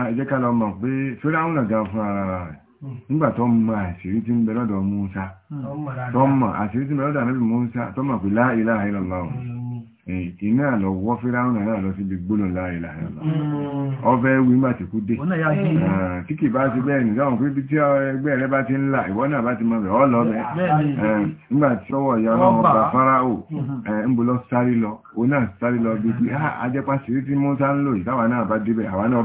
Ah, ẹjẹ́ ká lọ mọ̀ pé fíráhùn nàgà fún ara rẹ̀ nígbà tó mọ àṣírí tí ń bẹ lọ́dọ̀ Mùsá tó mọ àṣírí tí ń bẹ lọ́dọ̀ ànábì Mùsá tó mọ̀ pé la iná àlọ́ wọ́ fíráhùn náà lọ síbi gbónà láàrin láàrin ọbẹ̀ wíńgbà tí kú dé ah, tí kì bá ti bẹ́ẹ̀ nìdáwọn pé bí tí ẹgbẹ́ rẹ bá ti ń là ìwọ náà bá ti mọ̀ bẹ̀ ọ́ lọ bẹ́ẹ̀ ah, nígbà tí ọwọ́ ìyá ọlọ́wọ́ bá fáráhù hmm. eh, ń lọ sáré lọ ó náà sáré lọ ah, ajẹ́pá sírí tí sá ń lò bá débẹ̀ àwa náà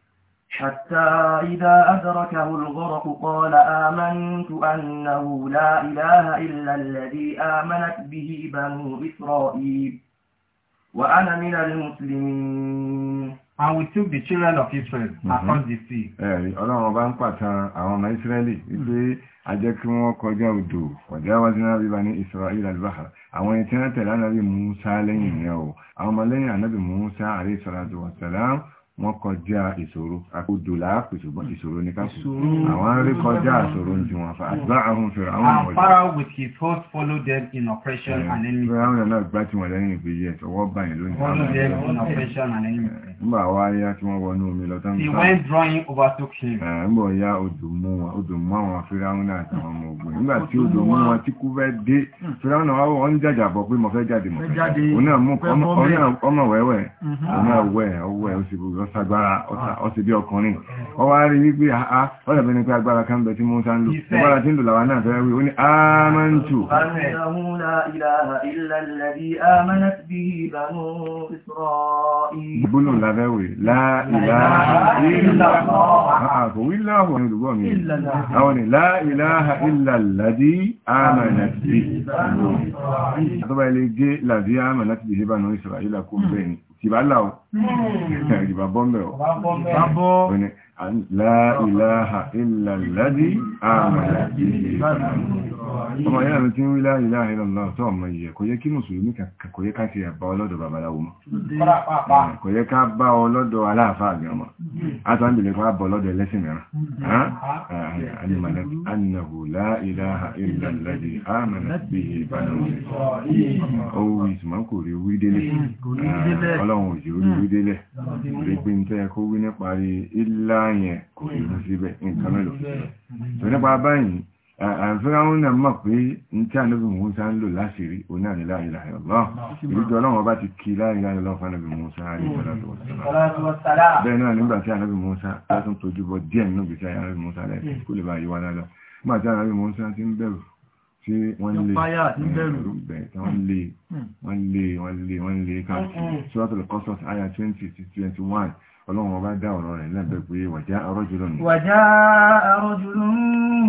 حتى إذا أدركه الغرق قال آمنت أنه لا إله إلا الذي آمنت به بنو إسرائيل وأنا من المسلمين And we took the children of Israel mhm. across the sea. Ẹ̀rí ọlọ́run ọba ń pàtàn àwọn ọmọ Ísírẹ́lì wípé a jẹ́ kí wọ́n kọjá odò kọjá wájú náà bíbá ní Israel al-Bahar. Àwọn ẹni tí Musa lẹ́yìn ìyẹn o. Àwọn ọmọ lẹ́yìn ànábì Musa alayhi salatu wa salam wọ́n kọjá ìṣòro àkójò láàpù ṣùgbọ́n ìṣòro ní káàkù àwọn rí kọjá ìṣòro ń ju wọn fa àtibá àwọn fèrè àwọn ọmọdé. Fara with his host follow them in oppression and enmity. Fẹ́rẹ́ àwọn ìlànà ìgbà tí wọ́n lẹ́yìn ìpè ọwọ́ báyìí lónìí. Follow them in oppression and enmity. Nígbà wá yá tí wọ́n wọnú omi lọ tán. He went drawing overtook him. Nígbà ya odò mú wọn odò mú àwọn Fíráhùn náà àtàwọn ọmọ ogun. Nígbà tí ọ̀sàgbára ọ̀sẹ̀ ah. bí ọkùnrin ọ wá rí wípé àá ah, ọ̀dàbí ah, ni pé agbára kan bẹ̀ tí Mùsá ń lò agbára tí ń lò làwọn náà fẹ́ wí ó ní ámántù gbólóhùn lábẹ́ wì láìláha ìlàlàdí ámánàtì àtọ́bà ilé gé làdí ámánàtì ìhébà náà Ísírẹ́lì kó bẹ́ẹ̀ ni tìbá láò hmm. ìbá bọ́m̀bẹ̀ ọ̀ bábọ́ láìláha ìlàládí àmàlà ọmọ yára mi tí ń rí láìláha ìlàlá tó ọmọ yẹ kò yẹ kí mùsùlùmí kò yẹ ká ti ẹ̀bá ọlọ́dọ̀ babaláwo mọ́ kò yẹ ká bá ọlọ́dọ̀ àtàbìlẹ̀ fà bọ̀ lọ́dọ̀ ẹlẹ́sìn mìíràn mm-hmm. alìmọ̀lẹ́bí ah, mm-hmm. annahu la ilaha illa alladhi amana bihi ìbànú owó ìsìnmọ́ kò rí wí délẹ̀ mm, ọlọ́run òjì orí wí mm. délẹ̀ rí pé ń tẹ́ kó wí nípa rí ilá yẹn kò rí mú síbẹ̀ nǹkan mélòó tó mm. nípa báyìí àfihàn náà mọ̀ pé ní tí ànábì Mùsá ń lò láṣìírí òun náà ní la ilaha illallah ìrújọ ọlọ́run bá ti kí la ilaha illallah fún ànábì Mùsá rí ìfọ́lọ́tọ̀wọ̀sọ́lá bẹ́ẹ̀ náà nígbà tí ànábì Mùsá látún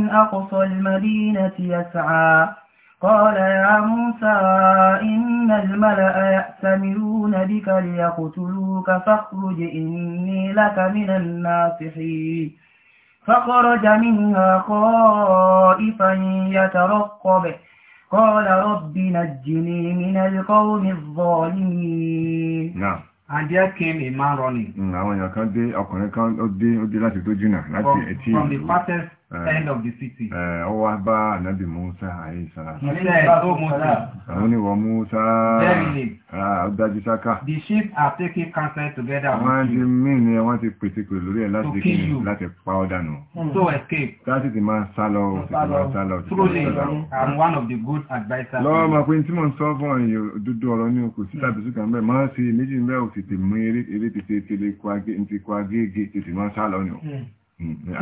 من أقصى المدينة يسعى قال يا موسى إن الملأ يأتمرون بك ليقتلوك فاخرج إني لك من الناصحين فخرج منها خائفا يترقب قال رب نجني من القوم الظالمين نعم And there came a man running. Àwọn èèyàn kan dé, ọkùnrin kan ó dé láti tó jìnnà láti ẹ̀tí. From the farthest Eh, end of the city. Eh, ó wá bá ànábì Musa àyè sára. Àwọn oníwọ̀ Musa dájú sáká. The sheep are taking counsel together. Wọ́n ti mí ni wọ́n ti pètèpè lórí ẹ̀ láti kí ni láti pa ọ́ dànù. Hmm. So escape. Láti ti máa sá lọ, ti sá lọ. Truly, I'm one of the good advisers. Lọ́wọ́ máa pé tí mò ń sọ fún ọ̀yìn dúdú ọ̀rọ̀ ní okò sí tàbí súkà mẹ́rin máa ṣe méjì mẹ́rin òsì tè mú eré tètè tèlé kwa gé tètè máa sá lọ ni. Hmm. Mm-hmm.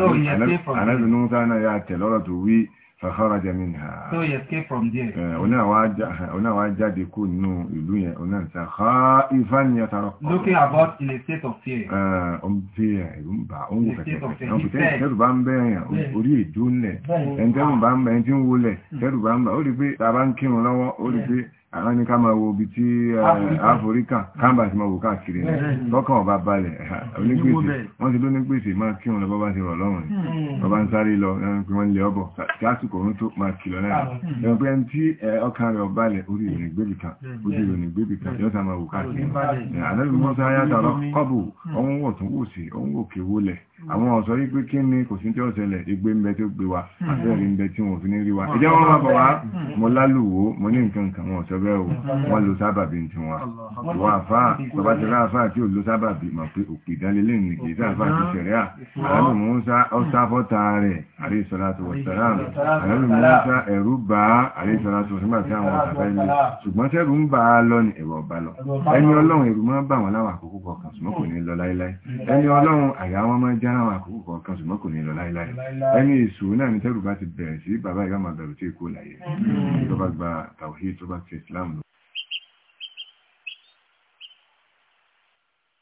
So he escaped from there. Musa mi nìyà. So he escaped from there. Ọ̀nà wa jáde kó nínú ìlú yẹn, ọ̀nà ìta ha ifá ni yàtàrọ̀. Looking about in a state of fear. Ọ̀n eh, fear, ìlú ń bà, ó ń wò kẹ̀kẹ́. Ọ̀n kùtẹ́ ìtẹ́rù bá ń bẹ̀yàn, orí èdò ńlẹ̀. Ẹ̀ntẹ́rù bá ń bẹ̀ ẹni tí ń wọlẹ̀, ìtẹ́rù hmm. bá ń bà, ó rí pé tàbá ń kírun lọ́wọ́, ó rí pé àwọn ní ká máa wo ibi tí eh, áfíríkà kámbà ti máa wò káàkiri ní lọ́kàn ọba balẹ̀ onípèsè wọ́n ti ló ní pèsè máa kí wọn lọ bọ́bá ti rọ̀ lọ́rùn hmm. bọ́bá ń sáré lọ pé wọ́n lè ọbọ̀ tí àsìkò ń tó máa kìlọ̀ náà ah. ẹ̀rọ pé ẹni tí eh, ọkàn rẹ̀ ọbalẹ̀ orí ìròyìn gbébì kan orí ìròyìn gbébì kan yóò sá máa wò káàkiri àdébí mọ́sáyá tààrọ́ kọ́bù ọ̀hún hmm àwọn ọ̀sọ́ yìí pé kí ni kò sí tí ó ṣẹlẹ̀ igbe ń bẹ tí gbé wa hmm. àtẹ́rì ń bẹ tí wọn ò fi ní rí wa ìjẹ́ hmm. wọn máa bọ̀ wá hmm. mo lálùwò mo ní nǹkan nǹkan wọn ọ̀sọ́ bẹ́ẹ̀ o wọn lo sábàbí ti wọn ìwọ àfáà bàbá ti ráàfáà tí ò lo sábàbí mà pé òkú ìdálélé ní kì í sáàfáà ti ṣẹ̀rẹ́ à àlábì mò sá ọ́sá fọ́ta rẹ̀ àríṣọ́láṣọ́ àlábì mò ń ara wà àkókò kọ̀ọ̀kan ṣùgbọ́n kò ní lọ láíláì ẹni èṣù náà ní tẹ́rù bá ti bẹ̀rẹ̀ sí bàbá ìyá màbẹ̀rù tí èkó láyé tó bá gba tàwíì tó bá ti Islam